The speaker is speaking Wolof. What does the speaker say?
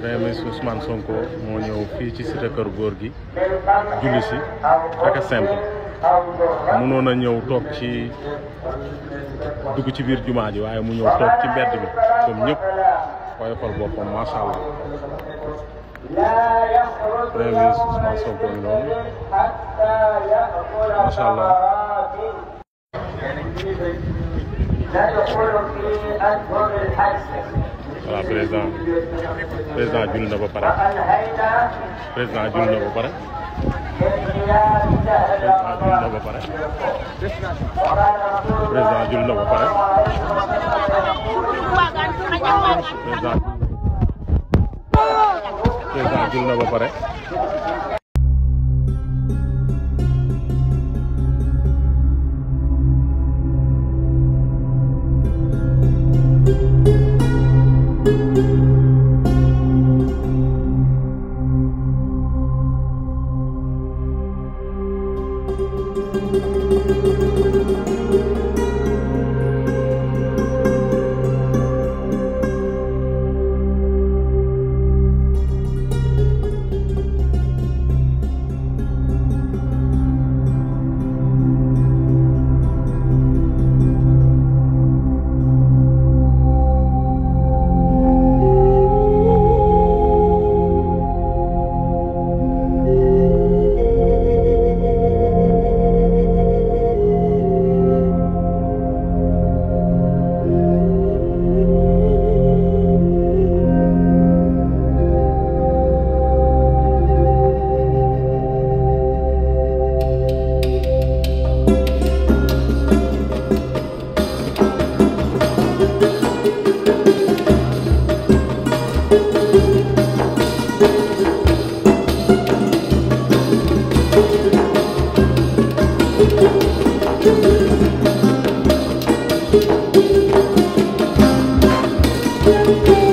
mais mais Ousmane Sonko moo ñëw fii ci cité góor gi julli si ak simple mënoon a ñëw toog ci dugg ci biir jumaa ji waaye mu ñëw toog ci mbedd bi comme ñëpp koy xol boppam macha Sonko noonu allah. voilà président président jul na ba pare président jul na ba pare président jul na ba pare président jul na ba pare président jul na ba pare thank you